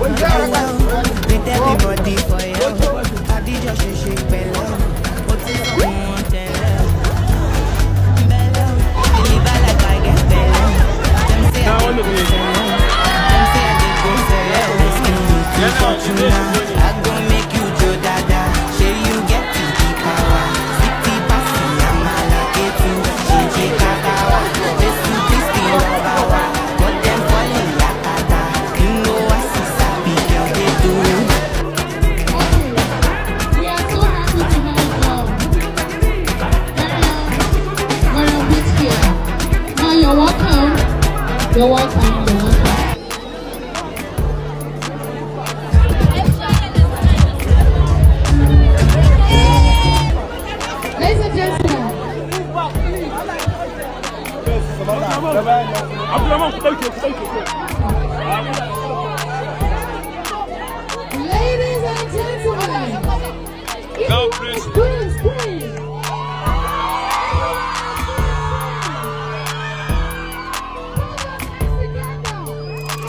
Make everybody for you. Adijọ́ ṣe ṣe love. lọ́wọ́ kan jọ. Ladies and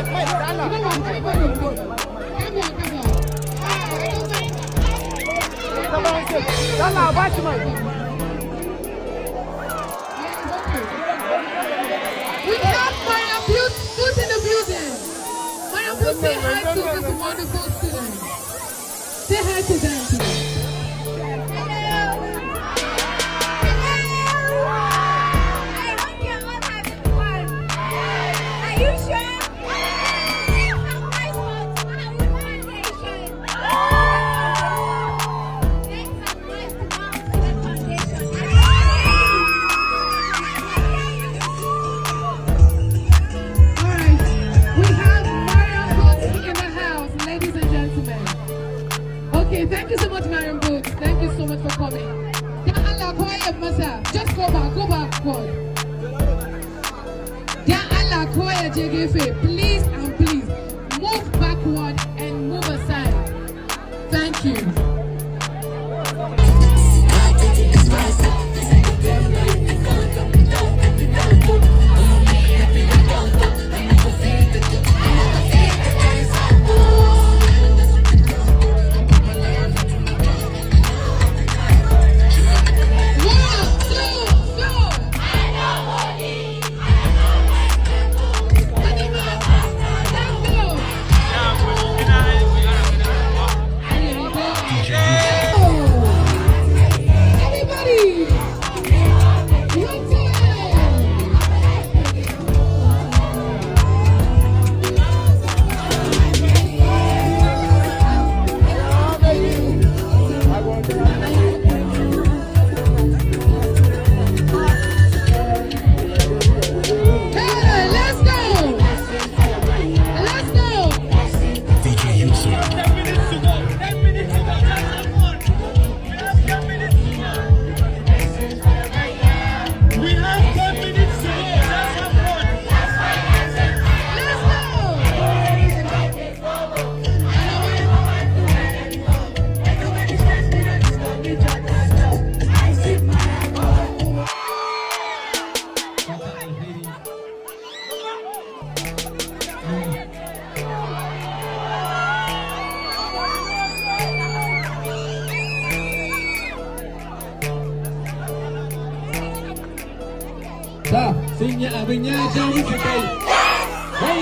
We have Maya abuse, who's in the building. Maya Buse, say hi to this wonderful student. Say hi to them. Okay, thank you so much, Mariam Booth. Thank you so much for coming. Ya Allah, koyar masa. Just go back, go back, God. Ya Allah, koyar je gefe, please. We have da sun yi abin ya ja musu kai